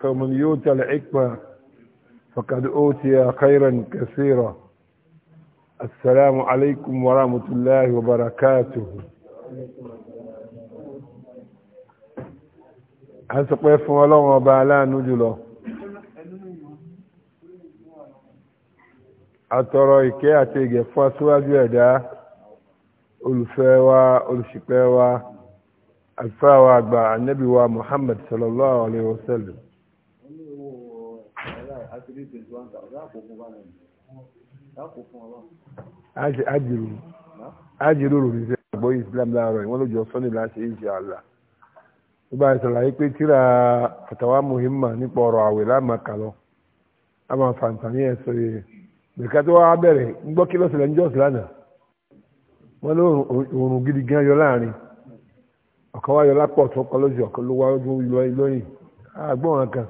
فمن يؤتى الحكمة فقد أوتي خيرا كثيرا السلام عليكم ورحمة الله وبركاته àsìpẹ́ fún ọlọ́run ọba aláàánú jùlọ àtọrọ ìkẹ́ àti ìgẹ̀ fún aṣíwájú ẹ̀dá olùfẹ́ wa olùṣìpẹ̀ wa àlùfáà wa àgbà ànábì wa Muhammad sallallahu alayhi wa sallam three twenty one thousand láàpò fún báyìí láàpò fún ọlọ́run. ájìrò ájìrò rò ṣe àgbọ̀ islam láàárọ̀ ìwọ́n lójó sunday láti ìjì àlà ó bá ṣàlàyé pé tíra fatawa muhimma nípa ọ̀rọ̀ àwẹ̀ láàmà kàlọ́ a máa fàǹtàní ẹ̀ sọ yẹ nìkan tó wá bẹ̀rẹ̀ ń gbọ́ kí lọ́sẹ̀ lẹ́nu jọ́sì lánàá wọ́n ló oòrùn gidi gan yọ láàrin ọ̀kan wá yọ lápọ̀ tó kọ́ lóṣù ọ̀kan ló wá lóyìn àgbọ̀n kan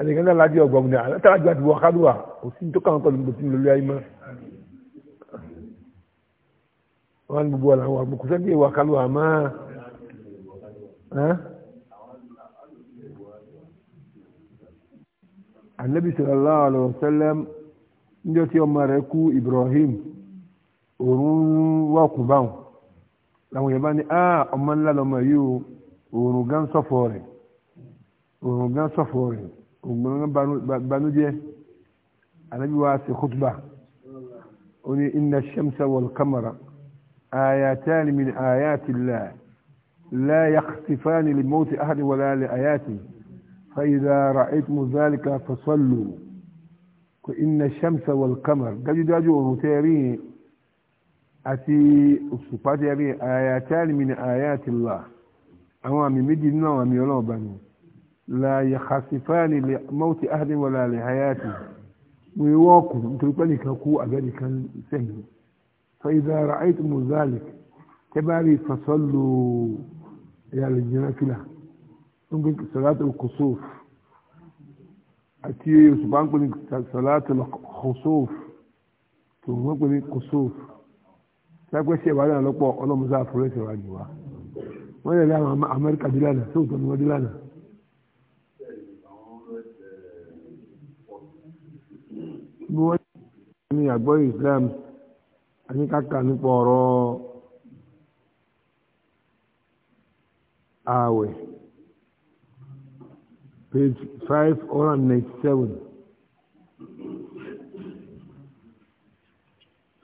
ẹnìkan náà ládìí ọgbọ̀n mi náà tára ju àtiwọ́ kádùá kò sí tó kàn pẹ̀lú gbòtí lórí ayé mọ́. wọ́n ní gbogbo ọ̀làwọ̀ àgbò kò sẹ́ni ìwà kádùá mọ́. anabi sallallahu alayhi wa sallam ndé tí ọmọ rẹ̀ kú Ibrahim òun wa kú báwọn làwọn yẹn bá ní ọmọ ńlá lọmọ yìí o òun gán sọfọ rẹ̀ òun gán sọfọ rẹ̀ ògbónáwó banújẹ́ anábì wa ṣe khutba ó ní inna shamsa wal kamara ayatan min ayati llah la yakhsifani li ahadi wala li ayati فإذا رأيتم ذلك فصلوا وإن الشمس والقمر داجو داجو ونتيرين àti òṣùpá tẹ́rí ayatan min ayati llah àwọn àmì méjì nínú àwọn àmì ọlọ́ọ̀bá ni la yakhasifani li mawti ahadin wala li hayati wọn yóò wọ́ọ̀kù nítorí pé nìkan kú àbẹ́ nìkan sẹ́yìn fa idha ra'aytumu dhalik tẹ́bárì fasallu ìyàlẹ̀ jìnnà fìlà ń gbé salatul kusuf àti òṣùpá ń pè ní salatul khusuf tó ń pè ní kusuf lápẹ́ sí ìwádìí àlọ́pọ̀ ọlọ́mọdé àfọlẹ́sẹ̀ wájú wa wọ́n yẹ lé àwọn amẹ́ríkà dé lánàá sóòtọ́ ni wọ́n dé ní àgbọ́ Islam àníkàkà nípa ọ̀rọ̀ ààwẹ̀ page five hundred and ninety seven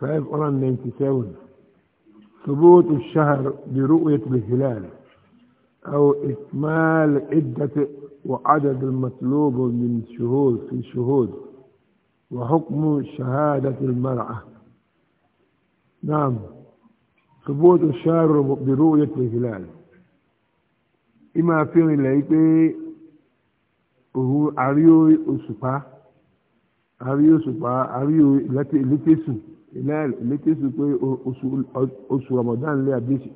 five hundred and ninety seven ثبوت الشهر برؤية الهلال أو إكمال عدة وعدد المطلوب من شهود في شهود وحكم شهادة المرأة نعم ثبوت الشارع برؤية الهلال إما في إليك òhun àrí òṣùpá àrí òṣùpá àrí ìlétésù ìlétésù pé oṣù Ramadan lé àbí ti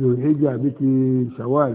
zòhèjì àbí ti Shawwal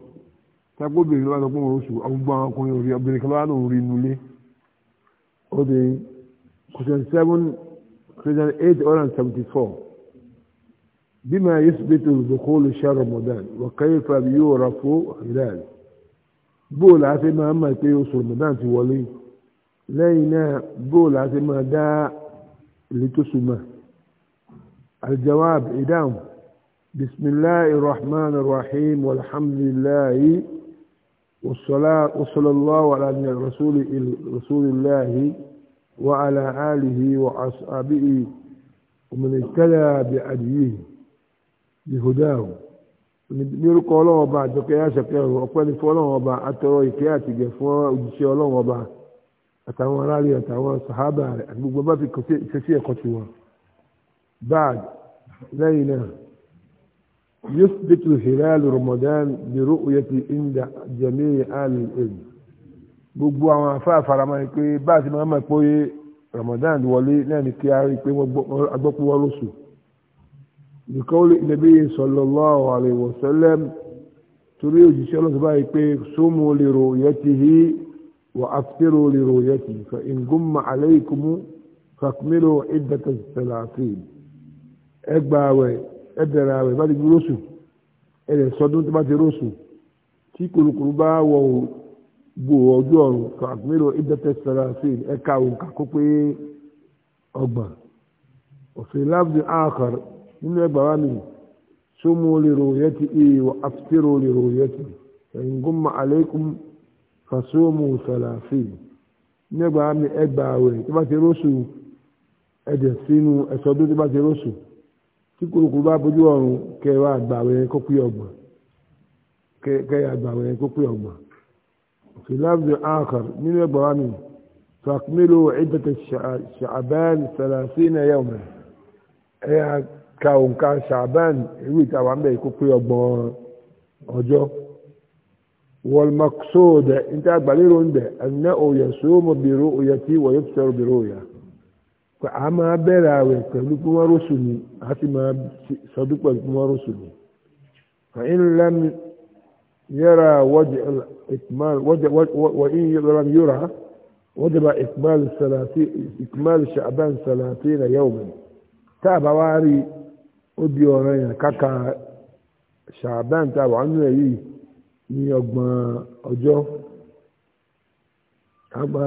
sagbóbìnrin ló wà lọ́pọ̀ òun oṣù ọgbọ́n ọkùnrin òrí obìnrin kan ló wà lóun rí inú ilé ó di question seven question eight hundred and seventy four bima yusbitu dukhulu shahr ramadan wa kayfa yu'rafu hilal bóòlù àti máa mọ̀ pé oṣù ramadan ti wọlé lẹ́yìn náà bóòlù àti máa dá èlé tó sùnmọ́ ìdáhùn bisimilahi rahman rahim walhamdulilayi. وصلى الله على رسول رسول الله وعلى آله وأصحابه ومن اهتدى بهديه بهداه nírúkọ ọlọ́wọ́n ọba àjọkẹ́ àṣàkẹ́rù ọpẹ́ ní fún ọlọ́wọ́n ọba atọ́rọ ìkẹ́ àtìgẹ̀ fún òjíṣẹ́ ọlọ́wọ́n ọba àtàwọn aráàlú àtàwọn sàhábà rẹ̀ àti gbogbo bá fi kọsí ẹ̀kọ́ tiwọn. báàd lẹ́yìn náà يثبت هلال رمضان برؤية عند جميع آل العلم gbogbo àwọn afá àfaramọ́ ni pé bá a ti máa mọ̀ pé Ramadan wọlé náà ni kí a rí i pé agbọ́pọ̀ wọ́n lóṣù nìkọ́lé Nabi sallallahu alaihi torí òjíṣẹ́ ọlọ́sọ̀ báyìí pé sumu li ru'yatihi wa aftiru li ru'yatihi fa in gumma alaykum fakmilu iddata salatin ẹgbàá wẹ̀ ẹ bẹ̀rẹ̀ àwẹ̀ bá ti di rósù ẹ lè sọdún tó bá ti rósù tí kùrùkùrù bá wọ gbò ọjọ́ ọ̀run kàkúmílò ìdẹ́tẹ̀ sara sí ẹ̀ka òǹkà kó pé ọgbọ̀n òfin láàbù àkàr nínú ẹgbàá wa mi sómú lè ròyẹ́ ti ìwà àfitérò lè ròyẹ́ ti ẹ̀yìn gómà àlékún fàṣọ́mù sàlàfíì nígbà mi ẹgbàá àwẹ̀ tó bá ti rósù ẹ̀jẹ̀ sínú ẹ̀sọ́dún tó bá ti rósù tí kòkòrò bá bójú ọ̀run kẹ́ wá àgbàwẹ̀ yẹn kó pé ọgbọ̀n kẹ́ àgbàwẹ̀ yẹn kó pé ọgbọ̀n fi lábẹ́ àkàr nínú ẹgbà wa mi fàkúmílò ìdàtà ṣàbán sàlàsínà yawma ẹ̀yà ka òǹkà ṣàbán ìwé ìtawà mẹ́ kó pé ọgbọ̀n ọjọ́ wọlmaksóòdẹ níta àgbàlérò ń bẹ ẹnẹ òòyà sóòmù bìrò òòyà tí wọ́n yóò fẹ́ràn bìrò òòyà pé a máa bẹ̀rẹ̀ àwẹ̀ pẹ̀lú pé wọ́n rọ́ṣù ni a sì máa sọdún pẹ̀lú pé wọ́n rọ́ṣù ni. fàyín lẹ́nu yẹ́ra wọ́n yẹ́ra yóra wajaba ìkùmálù sàlàtì ìkùmálù ṣàbán sàlàtì rẹ̀ yawman tá a bá wá rí ó di yẹn káka ṣàbán tá a wà nínú ẹ̀ ní ọgbọ̀n ọjọ́ kágbà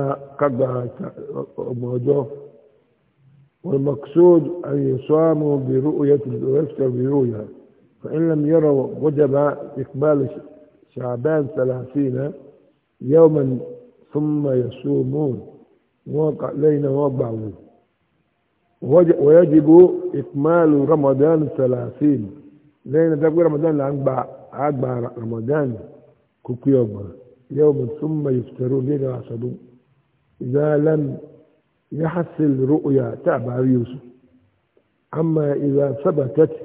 ọgbọ̀n ọjọ́. والمقصود أن يصاموا برؤية ويفتر برؤية فإن لم يروا وجب إقبال شعبان ثلاثين يوما ثم يصومون وقع لينا وبعض ويجب إكمال رمضان ثلاثين لأن تقول رمضان لأنبع أتبع رمضان كوكيوبا يوم ثم يفترون لنا عصدون إذا لم يحصل رؤيا تابع يوسف أما إذا ثبتت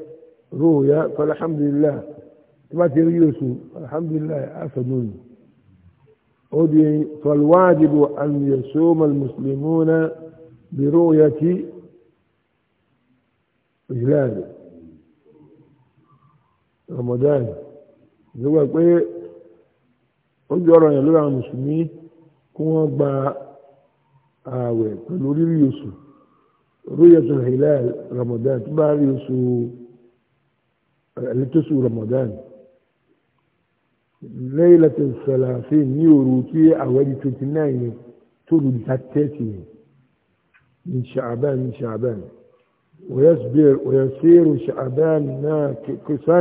رؤيا فالحمد لله ثبت يوسف الحمد لله أسدون فالواجب أن يصوم المسلمون برؤية هلال رمضان يقول pé ó jọrọ yẹn lórí àwọn ààwẹ̀ pẹ̀lú rírí oṣù rúyẹ̀tù hilal ramadan tó bá rí oṣù ẹ̀lẹ́tọ́sù ramadan lẹ́yìnlẹ́tẹ̀ sàlàfín ní òru tí àwẹ̀ di twenty nine yẹn tó lù di thirty ní ṣàbán ní ṣàbán ويصبر ويسير شعبان ناقصا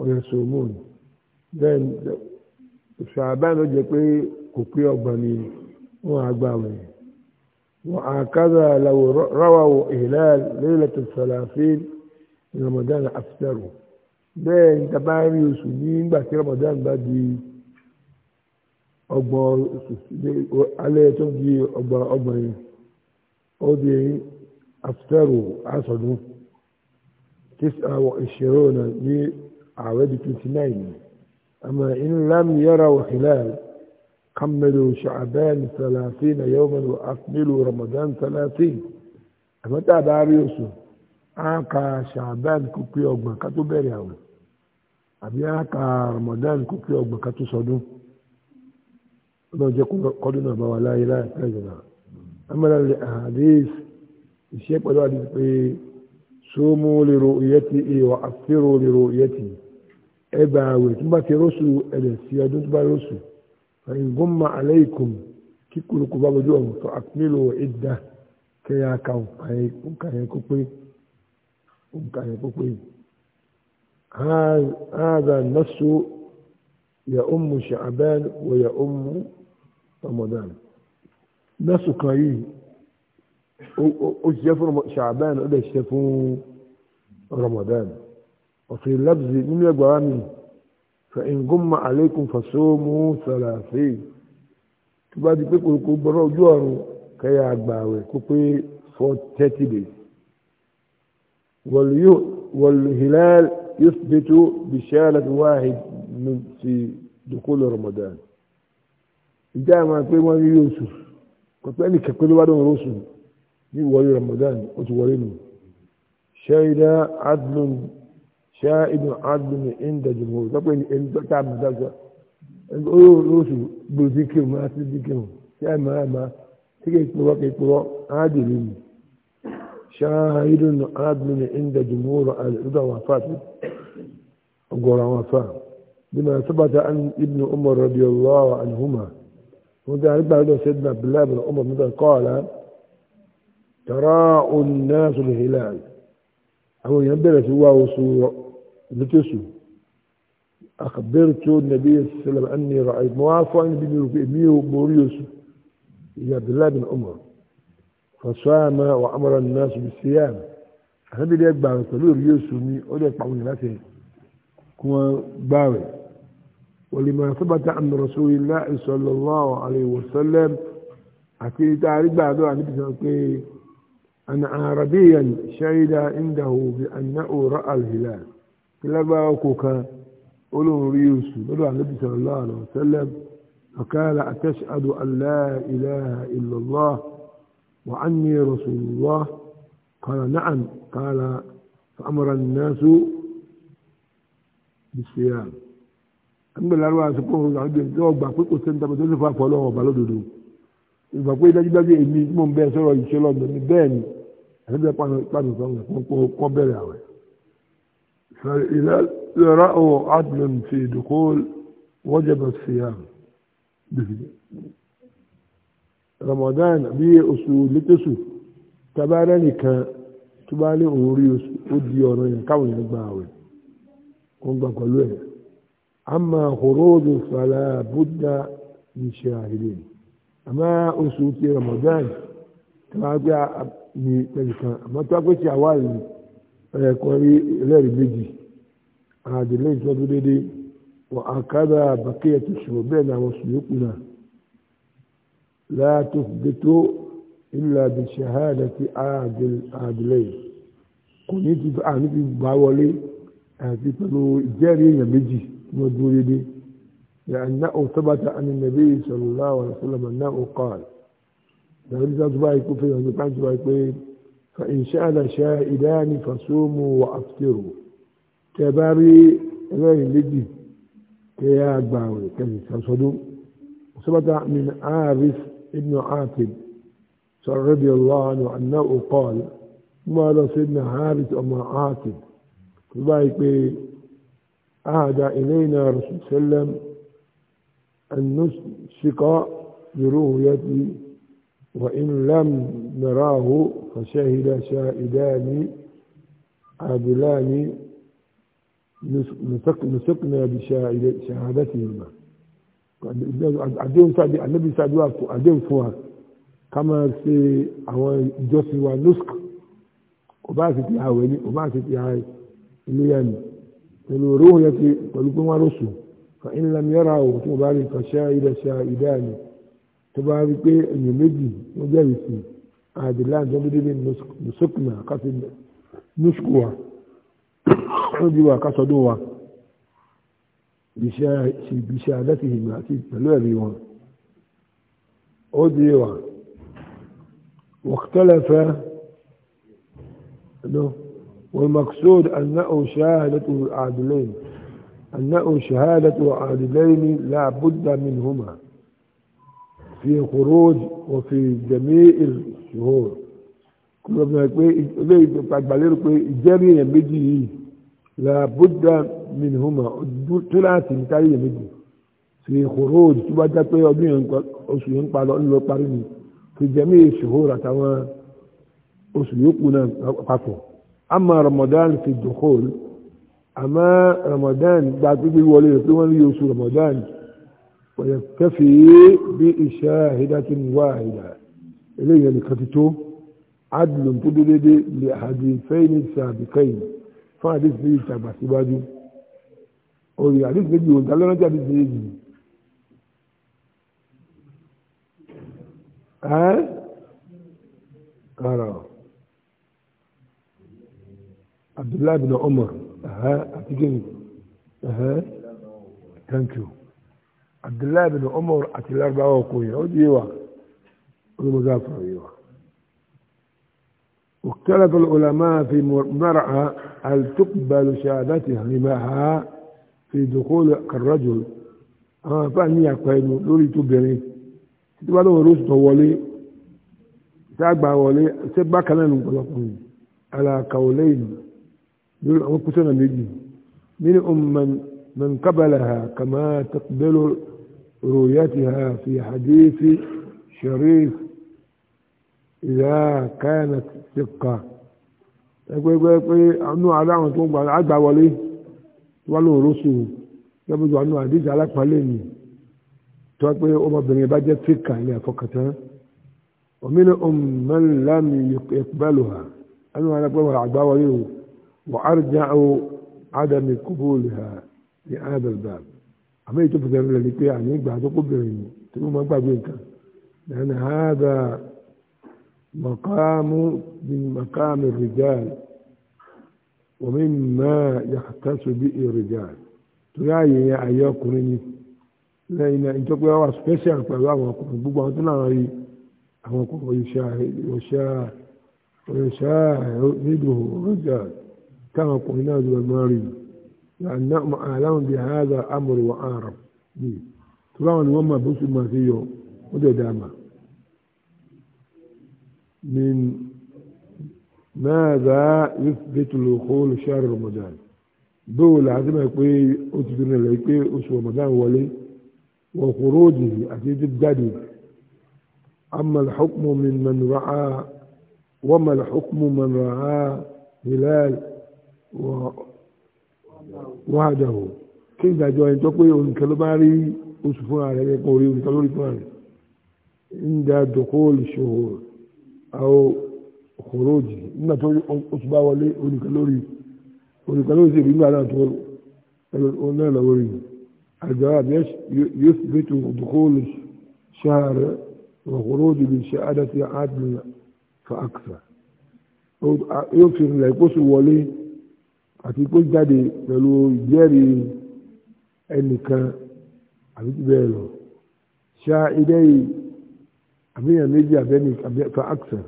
ويصومون then ṣàbán ló jẹ pé kò pé ọgbọ̀n ni wọn àgbàwẹ̀ wọn àkàdà làwọn ráwàwọ ìhìlẹ́l lẹ́yìn tẹ̀sálàfín ní Ramadan àfisàrò bẹ́ẹ̀ ní tàbá rí oṣù nígbà tí Ramadan bá di ọgbọ̀n alẹ́ tó di ọgbọ̀n ọgbọ̀n yìí ó di àfisàrò àsọdún tisa wa náà ní àwẹ̀ di twenty nine àmọ́ in lam yara wa كملوا شعبان ثلاثين يوما وأكملوا رمضان ثلاثين أمتى داريوسو أنكا شعبان كوكي أغمى كاتو بيرياو أبي أنكا رمضان كوكي أغمى كاتو صدو لو جاكو قدنا بولا إله تجنا أما الأحاديث الشيخ قالوا حديث صوموا لرؤيتي وأفطروا لرؤيتي إبا ويتم باتي رسو إلى سيادون تبا رسو فإن غم عليكم كيكولو كوبا بجوم فأكملوا عدة كيا كاو كاي كوبي كاي كوبي هذا النص يؤم شعبان ويؤم رمضان نص كاي أجفر شعبان أجفر رمضان وفي اللبز من يقوى منه fẹ̀yìn gómà àlékún fàṣọ́mù sàlàfé tó bá di pé kòkó gbọ́dọ̀ ojú ọ̀run kẹ́yà àgbààwẹ̀ kó pé four thirty days wàlúhìlẹ́l yóò bẹ́tò bìṣẹ́lẹ̀ wáhid ti dùkúlù Ramadan ìjà àmà pé wọ́n rí oṣù pẹ̀pẹ́ nìkan pé ló bá dọ̀rọ̀ oṣù ní ìwọlé Ramadan ó ti wọlé nù ṣẹ́yìn dá adùn شاهد عدل عند na تقول ان تعمل ذلك ó lóṣù gbòòsì kí o máa ti di kí o kí ẹ máa máa kí kí ìpòrọ kí ìpòrọ ádìrí mi ṣááhìrì nù ádìrí ní ìndẹ̀jù múrò àdìrúdà wà fàtí ọgọ́rọ̀ àwọn afá bí umar radiyallahu anhuma wọn dá àrígbà lọ sí ibn sọ̀rọ̀ àwọn èèyàn bẹ̀rẹ̀ sí wá لتسو أخبرت النبي صلى الله عليه وسلم أني رأيت موافقا بني بوريوس إلى عبد الله بن عمر فصام وأمر الناس بالصيام هذا اللي يكبر تلو ريوس مي أولي يكبرون لكن كما باوي ولما ثبت عن رسول الله صلى الله عليه وسلم أكيد تعرف بعده عن أن عربيا شهد عنده بأنه رأى الهلال lágbára ọkọ̀ kan olóhùn rí oṣù lọ́dọ̀ ànábì sallallahu alaihi wasallam فقال أتشهد أن لا إله إلا الله وعني رسول الله قال نعم قال فأمر الناس بالصيام أما الأرواح سكون عندهم جواب بقول كنت أنت بتقول فا فلو بلو دودو ìgbàgbọ́ ìdájúdájú èmi mò ń bẹ́ẹ̀ sọ̀rọ̀ bẹ́ẹ̀ sọ̀rọ̀ فإذا رأوا عدلا في دخول وجب الصيام Ramadan bí oṣù létòṣù tabarẹ nìkan tó bá ní òun rí oṣù ó di ọ̀rọ̀ yẹn káwọn yẹn gba àwẹ̀ kó ń gbà pẹ̀lú ẹ̀ àmà òróòdù fàlà búdà ní ṣe àìlè àmà oṣù ti Ramadan tó bá gbé ní pẹ̀lú kan àmọ́ tó bá gbé ti àwárí ẹ̀kọ́ rí ẹlẹ́rìí méjì àdìlé ìtọ́jú déédéé wọ́n àkàdà bàkẹ́yà tó ṣùgbọ́n bẹ́ẹ̀ ni àwọn sùn yókù náà láàtò gbẹtó ilà bí ṣahádà ti àdìlé kò ní ti àní ti gbà wọlé àti pẹ̀lú ìjẹ́rìí èèyàn méjì tí wọ́n dúró déédéé yàrá òtábàtà àni nàbí sallallahu alaihi wasallam náà ó kọ́ àlè. Ìjọba ìjọba ìpè fẹ́ yọ̀ ní pàǹtí wáyé pé فإن شاء شائدان فصوموا وأفطروا كباري غير لدي كيا باوي كذي تصدوا ثبت من عارف ابن عاتب رضي الله عنه أنه قال ما سيدنا عارف أما عاتب فبايك أهدى إلينا رسول الله صلى الله عليه وسلم أن نسقى برؤيته وإن لم نراه فشهد شاهدان عادلان نسقنا بشهادتهما àdéhùn sáàdé ànábì sáàdé wà fún àdéhùn fún wa ká máa ṣe àwọn ìjọsìn wa nusk kò bá sì ti àwẹ̀ ní kò bá sì ti àwẹ̀ ilé yẹn ni pẹ̀lú òróhùn yẹn ti pẹ̀lú pé wọ́n rọ̀ sùn fa in lam yara o tí mo bá rí nǹkan ṣe ilẹ̀ ṣe ìdá ni. tó bá rí pé èèyàn méjì wọ́n jẹ́rìí sí àdìlá àjọmọdé ní nùsùkùnà kásì nùsùkù wa wọ́n di wa kásọdún wa ìbíṣẹ́ àdáṣe ìgbà àti pẹ̀lú ẹ̀rí wọn ó di wa واختلف والمقصود أنه شهادة عادلين أنه شهادة عادلين لا بد منهما في خروج وفي جميع الشهور كل ما يقول pé ìjẹ́rìí èèyàn méjì yìí la budda minhuma tíláàtì ń kárí èèyàn méjì fi khuruj tó bá jẹ́ pé ọdún yẹn oṣù yẹn ń pa lọ ńlọ parí ni fi jẹ́mí shuhur àtàwọn oṣù yòókù náà papọ̀ ama ramadan fi dukhul ama ramadan gba gbígbé wọlé rẹ̀ pé wọ́n rí oṣù ramadan yìí ويكفي بشاهدة واحدة إليه لكتتو عدل تدلد لحديثين السابقين فحديث في التابع سباجو أو حديث نجي وانت لا نجي حديث نجي ها قال عبد الله بن عمر ها أتجني ها ثانك يو abdullahi bin umar àti larabawa kò yẹ ó di wa olùmọ̀gá sọ̀rọ̀ yìí wa. اختلف العلماء في مرأة هل تقبل شهادتها لماها في دخول كالرجل àwọn àfáà ní àpẹẹnu lórí tóbìnrin títí wàá lóun rúṣù tó wọlé sáàgbà wọlé ṣé bákan náà ló ń pọ̀lọpọ̀ yìí alákàwọ lẹ́yìn lórí àwọn kúṣọnà méjì nínú ọmọ mẹnkabalaha kàmá tẹkùbẹlò رؤيتها في حديث شريف إذا كانت ثقة àánú aláwọn tó ń gba àgbàwọlé wà lóun rọ́ṣù lọ́bùdó àánú àdíjà alápàlẹ́ ni tó wá pé ọmọbìnrin bá jẹ́ fíkà ilé àfọkàtán òmìnira ọmọlámi ìpẹ́lú ha àánú alápàlẹ́ àgbàwọlé o wà á rí jẹ́ àwọn ádámì kúbólì ha ní ádámì báàbù àmọ́ èyí tó fi sẹ́yìn rẹ̀ ni pé àní ìgbà tó kó bèrè yìí tí wọ́n máa gbàgbé nǹkan lẹ́nu àádá mọ̀kámú bí mọ̀kámú rìjáàl wọ́n mi máa yàtọ̀sọ bí rìjáàl torí ààyè yẹn ààyè ọkùnrin ni lẹ́yìn náà ìjọba wa special pẹ̀lú àwọn ọkùnrin gbogbo àwọn tó náà rí àwọn ọkùnrin òṣìṣẹ́ òṣìṣẹ́ nílùú rìjáàl káwọn ọkùnrin náà ló máa rí yìí. لأنهم يعني نعم، أعلم بهذا أمر وأعرف به تلاوة وما بس ما فيه وده داما من ماذا يثبت الوخول شهر رمضان دولة عزمة يقول أتدرنا لكي أسوى رمضان ولي وخروجه أكيد الدادي أما الحكم من من رعى وما الحكم من رعى هلال و wahdahu kí ìdájọ́ ẹni tó pé olùkẹ́ ló bá rí oṣù fúnra rẹ̀ yẹ kó rí olùkẹ́ lórí fúnra rẹ̀ inda dukhul shuhur aw khuruj nígbà tó oṣù bá wọlé olùkẹ́ lórí olùkẹ́ lórí sí ìbí nígbà náà tó wọn náà lọ́wọ́ rí الجواب يثبت دخول شهر وخروج بالشهادة عدل فأكثر يكثر لا يقص وليه àti kó jáde pẹ̀lú ìjẹ́rìí ẹnìkan àbí ti bẹ́ẹ̀ lọ ṣá ilé yìí àbíyàn méjì àbẹ́ni fa aksar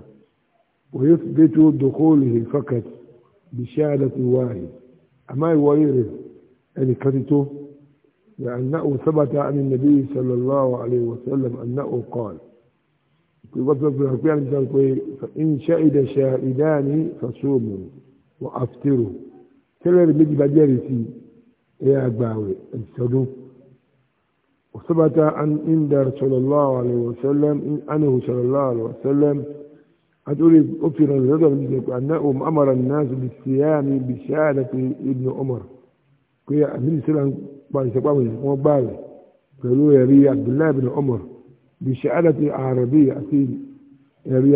òye bẹ́tù dòkóòlù fakat bí ṣáàdà wáyé àmọ́ ìwọlé rẹ̀ ẹnìkan ti tó لأنه ثبت عن النبي صلى الله عليه وسلم أنه قال فإن شهد شاهدان فصوموا وأفطروا tẹ́lẹ̀ rẹ̀ méjì bá jẹ́rìí sí ẹ àgbà rẹ̀ ìṣọdún وثبت عن عند صلى الله عليه وسلم أنه صلى الله عليه وسلم أتولي أفر الرضا أنه أمر الناس بالصيام بشهادة ابن عمر كي أمين سلام بعد سقام وبال قالوا يا ري عبد الله بن عمر بشهادة عربية أسيل يا ري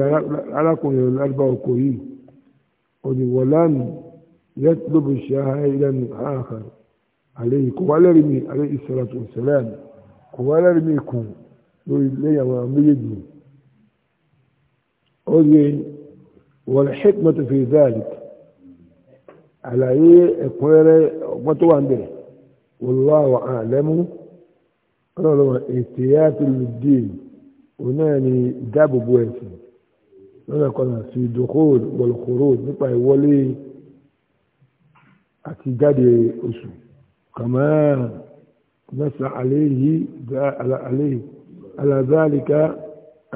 على كل الأربعة كوي ولم يطلب شاهدا آخر عليه كوالرمي عليه الصلاة والسلام كوالرمي كو لي وأمريدني أولي والحكمة في ذلك على إيه أقوال متواندر والله أعلم قالوا احتياط للدين وناني داب بويسي أنا كنا في دخول والخروج نبقى يولي àti jáde oṣù kàmá mẹ́sà àléyìí àléyìí alàzálìkà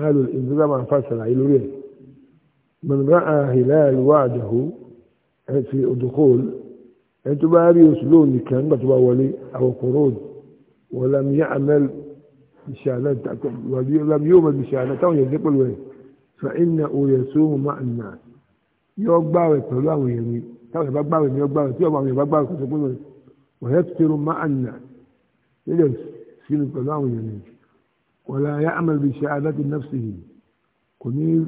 alù ìdúgbàmà fásitì àyè lórí ẹ̀ mọ̀nàbá àhìlá ìwà àjàhó ẹ̀ ti òdòkóòlù ẹ̀ tó bá rí oṣù lóun nìkan nígbà tó bá wọlé àwòkòrò wọlé mi yá àmẹ́lì بشهادات ولم يؤمن بشهادته يذق الوالد فإنه يصوم مع الناس يوقع ويطلع ويمين تو بقبل من يقبل تو بقبل من ويكثر ما أن يجلس في القدام ويجلس ولا يعمل بشهادة نفسه كنير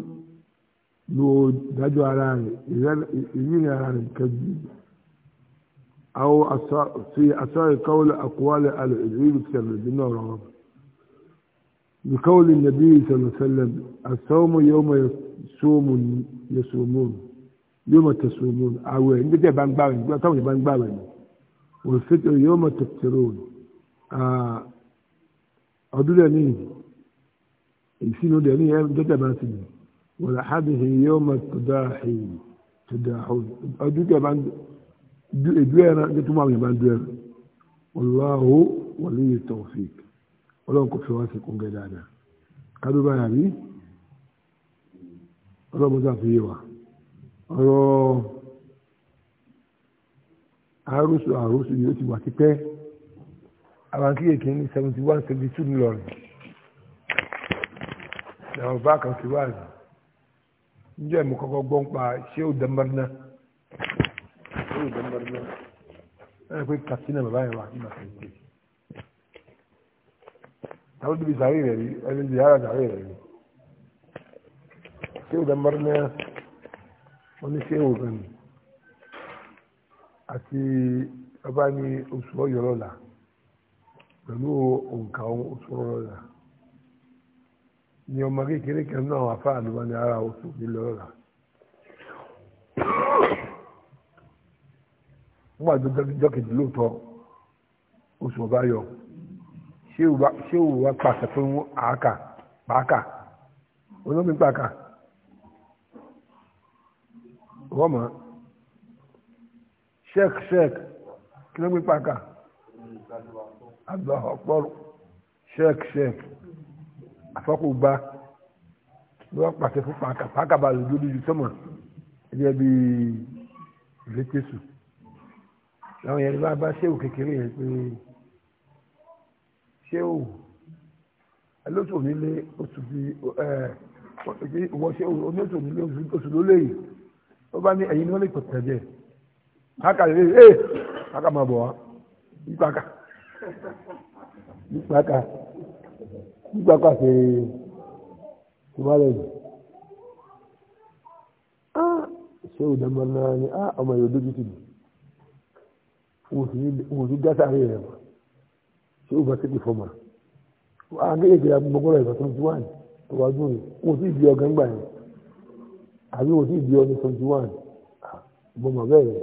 لو دجو على يجيني على كذب أو في أثار قول أقوال العلم سر بنور بقول النبي صلى الله عليه وسلم الصوم يوم يصوم يصومون yóò mọ̀ tẹ̀sùn mú àwẹ̀ nígbàtí ẹ̀ bá ń gbà wẹ̀ nígbà táwọn ẹ̀ bá ń gbà wẹ̀ ni wọ́n fi tẹ̀ yóò mọ̀ tẹ̀sùn òun ọdún dẹ̀ ní ìsinú dẹ̀ ní ẹ̀ dọ́tẹ̀ bá ti dùn wọ́n rà á dìhìn yóò mọ̀ tọ̀dá ọdún tẹ̀ bá ń du ẹran ní túmọ̀ àwọn ẹ̀ bá ń du ẹran wàláhó wàlíyé tọ̀fíìk ọlọ́run kò fi wá sí kúngẹ́ dáadáa kádó báyà rí ọlọ́run sáfì yé wa ọ̀rọ̀ àròsọ àròsọ yìí ó ti wà tipẹ́ àbáńkìyè kìíní seventy one seventy two ńlọrọ̀ làwọn bá kan ti wá àná níjọ́ ìmọ̀ kọ́kọ́ gbọ́ ń pa ṣé ó dẹ́mbẹ́rẹ́ná ṣé ó dẹ́mbẹ́rẹ́ná ẹ pé katsina bàbá yẹn wà nígbà tó ń gbé àwọn tóbi sàárè rẹ̀ rí ẹni ziyara sàárè rẹ̀ rí ṣé ó dẹ́mbẹ́rẹ́ná oníṣẹ́ òògùn ni àti ọba ní oṣù ọyọ lọ́la pẹ̀lú òǹkà oṣù lọ́la ni ọmọ kékeré kan náà wà fáà ló wà ní ara oṣù nílẹ̀ lọ́la nígbà tó jọ́ kejì lóòótọ́ oṣù ọba yọ ṣé òwú wa pàṣẹ fún àákà pàákà olómi pàákà rọ́mà sheik sheik kí ló ń gbé pàkà Allahu Akbar sheik sheik àfọ́kùgbà lọ́wọ́ pàṣẹ fún pàkà pàkà bá lójú lójú sọ́mọ̀ ẹgbẹ́ bí ìlétésù láwọn yẹn bá bá ṣéwù kékeré yẹn pé ṣéwù ẹlọ́sọ̀ nílé oṣù bíi ẹ̀ wọ́n ṣéwù oníṣòwò oṣù lólè yìí ó bá ní ẹ̀yin ni wọ́n lè pèsè ẹ̀jẹ̀ káka lè ẹ̀ káka máa bọ̀ wá yípaka yípaka yípaka ṣe ah, ṣé ò dánmọ́ náà ni ah, ọmọ yóò dójú tì mí òun ti dáta rí rẹ̀ wá ṣé ó bá tẹ́kì fọ́mà àgbẹ̀yẹ̀ gbẹ̀yà gbogbo rẹ̀ ìbátan tí wà ní ọwájú rẹ̀ òun ti di ah, ọ̀gá ń gbà yẹn àbí wò sí ìdí ọdún twenty one mo mọ̀ bẹ́ẹ̀ yẹn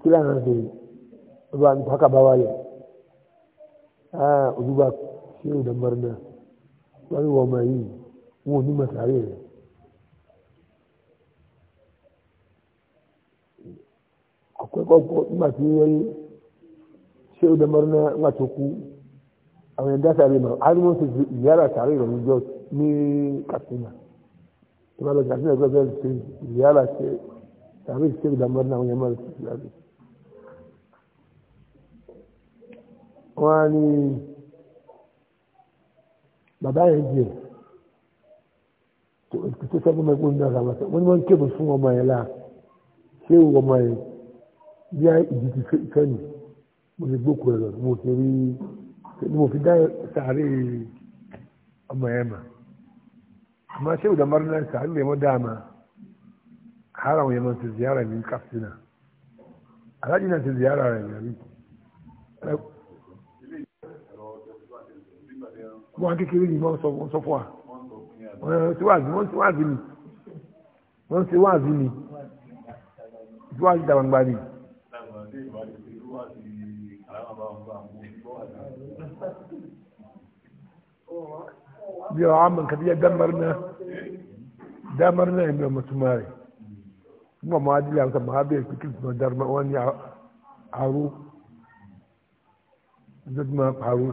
kí lánàá ṣe ó bá nípa kábà wáyé olúwa ṣé ò dàmbàrà náà wọ́n ní wọ́n máa yìí wọn ò ní mọ̀ sáré rẹ̀. ọ̀pẹ́kọ̀pọ̀ nígbà tí wọ́n rí ṣé ó dàmbàrà náà nígbà tó kú àwọn ẹ̀dá sáré mọ̀ àdúgbò ṣe ìyára sáré rẹ̀ ní Katsina tó bá lọ jàdí ẹgbẹ́ bẹ́ẹ̀ ṣe ìyára ṣe tàbí ṣe ìdààmú ọdún àwọn yẹmọ́ ṣe ìyára. wọ́n á ní bàbá yẹn jẹ tó sẹ́gun mẹ́gbọ́n ní ọ̀sán àmọ́sẹ́ wọ́n ní wọ́n ń kébù fún ọmọ yẹn láà ṣé ìwọ ọmọ yẹn bí ìdí ti fẹ́ nù mo ti gbókùn ẹ̀ lọ mo ti rí mo fi dá sàárè ọmọ yẹn mà amma shehu da marnar sa an nemi dama har awon yaman su ziyara min kafsina alhaji na su ziyara rayuwa wọn kékeré ni wọn sọ fún wa wọn ti wáàzì wọn ti wáàzì ni wọn ti wáàzì ni ti wáàzì dàgbàgbà ni. Oh, bio aman ka dia damarna damarna ibn musmari kuma ma adila ka mahabe fikir darma wani aru zed ma paru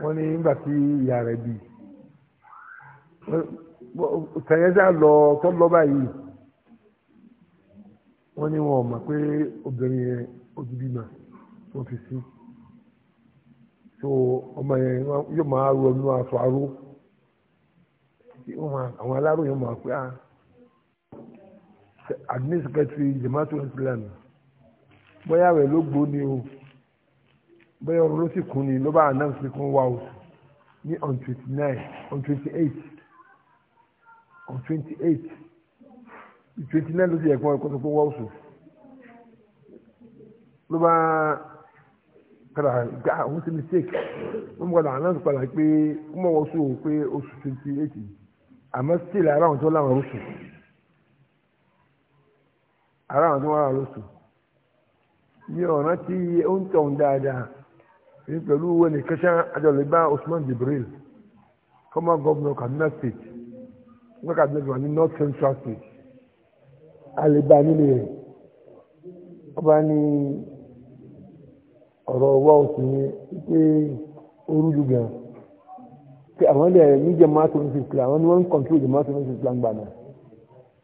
wọ́n ní nígbà tí ìyá rẹ̀ bí lọ tó lọ báyìí wọ́n ní wọn ma pé obìnrin yẹn ó bímọ fi ọmọ yẹn yóò máa rọ inú aṣọ aró àwọn aláró yẹn máa pé ah administrative jamaatu islam bóyá rẹ̀ ló gbó ni o bóyá ọ̀rọ̀ ló sì kún ni ló bá announce pé kún wa o ní on twenty nine on twenty eight on twenty eight twenty nine ló sì yẹ kí wọ́n kọ́ sọ pé wọ́n sùn ló bá padà gá àwọn sí mistake wọ́n mú padà padà pé wọ́n mọ̀ wọ́n sọ pé oṣù twenty eight àmọ́ still ara àwọn tó láwọn oṣù ara àwọn tó wọ́n láwọn oṣù ní ọ̀nà tí ó ń tọ̀ ń dáadáa ní pẹ̀lú wọn ní kẹsàn àjọlẹ̀ bá Usman Jibril former governor Kaduna state wọ́n Kaduna state wà ní north central state àlebá nílé rẹ̀ ọba ní ọ̀rọ̀ wa ò sì ní pé orú ju gan pé àwọn dẹ̀ ní jẹ̀mọ́ tó ń fi ìpìlẹ̀ àwọn ni wọ́n ń kọ̀ǹtúrò jẹ̀mọ́ tó ń fi ìpìlẹ̀ gbà náà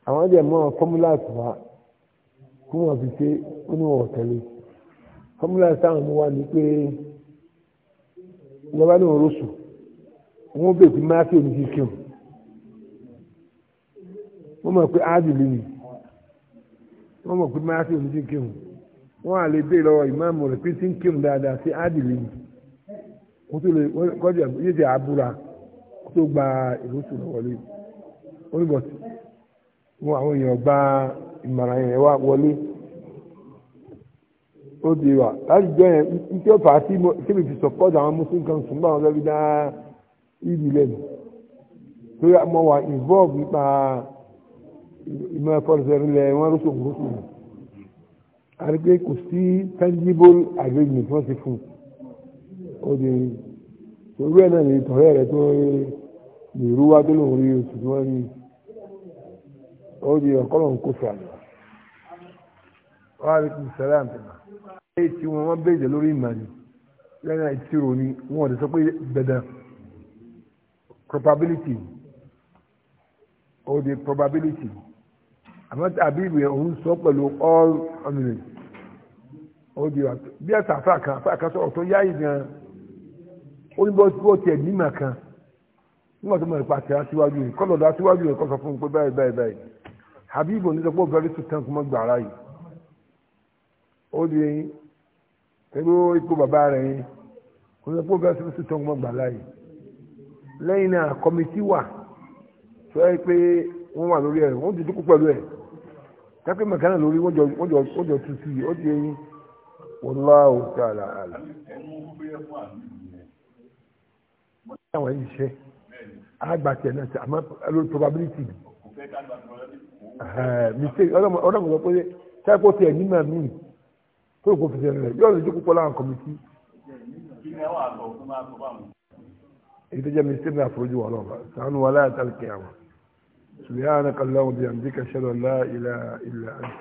àwọn dẹ̀ mọ́ fọ́múlà àtùwá kí wọ́n fi ṣe oníwọ̀n ọ̀tẹ̀lẹ̀ fọ́múlà táwọn mú wa ni pé ìjọba náà rọ́ṣù wọ́n bèèrè pé máàkì òní fi kíun wọ́n mọ̀ pé áàdì lè nì wọ́n mọ̀ pé máàkì òní fi kíun wọ́n á lè dé lọ́wọ́ ìmáàmù rẹ̀ pé tí ń kírun dáadáa sí ádìlì ni kó tó lè kọ́jú yóò ti àbúra kó tó gba ìlúsùn lọ wọlé oníbọ̀tì wọn àwọn èèyàn gba ìmọ̀ràn yẹn wá wọlé ó di wa láti jọ yẹn n tí ó fà á sí kébì fi sọpọ́tù àwọn muslim kan sùn bá wọn lọ́bí dá ìdí lẹ́nu torí mo wà involve nípa ìmọ̀ ẹ̀fọ́ ìṣẹ́rin lẹ̀ wọ́n rúṣùn rúṣùn àrígbé kò sí tangible agreement wọ́n ti fún òde torí ẹ̀ náà lè tọ̀rẹ́ rẹ̀ tó lè rú wá tó lòun rí oṣù tí wọ́n rí òde ọ̀kọ́lọ̀ ń kó fún àná. wọ́n á rí kí sẹ́lẹ̀ àǹtẹ̀mà. ṣé tí wọ́n wọ́n bèèrè lórí ìmọ̀lẹ̀ lẹ́yìn àìsírò ni wọ́n ti sọ pé dandan probability òde probability àmọ́ tàbí ìwé òun sọ pẹ̀lú all eminence. ó di wa bí afa afá kan afá kan sọ̀rọ̀ tó yáyì gan ó ní bó tiẹ̀ kan nígbà tó mọ̀ nípa àti aṣíwájú rẹ̀ kọ́ fún Habibu ní bẹ́ẹ̀ tó tán kó yìí bàbá rẹ̀ bẹ́ẹ̀ tó kó yìí lẹ́yìn náà wà tó pé wọ́n wà lórí ẹ̀ wọ́n ti dúkú pẹ̀lú ẹ̀ lórí wọ́n jọ tutù di Wallahu ta'ala alam. Wọ́n ní àwọn iṣẹ́ àgbàtì ẹ̀ náà ṣe àmọ́ lórí probability. Mistake ọlọ́mọ sọ pé ṣáàpọ̀ tiẹ̀ nímọ̀ míì tó kò fi ṣẹlẹ̀ yóò lè jókòó pọ̀ láwọn kọ̀mìtì. Èyí tó jẹ́ mistake náà fojú wọn lọ́wọ́ sànú wa láyà tálkì àwọn. سبحانك اللهم وبحمدك اشهد ان لا اله الا انت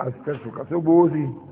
استغفرك اتوب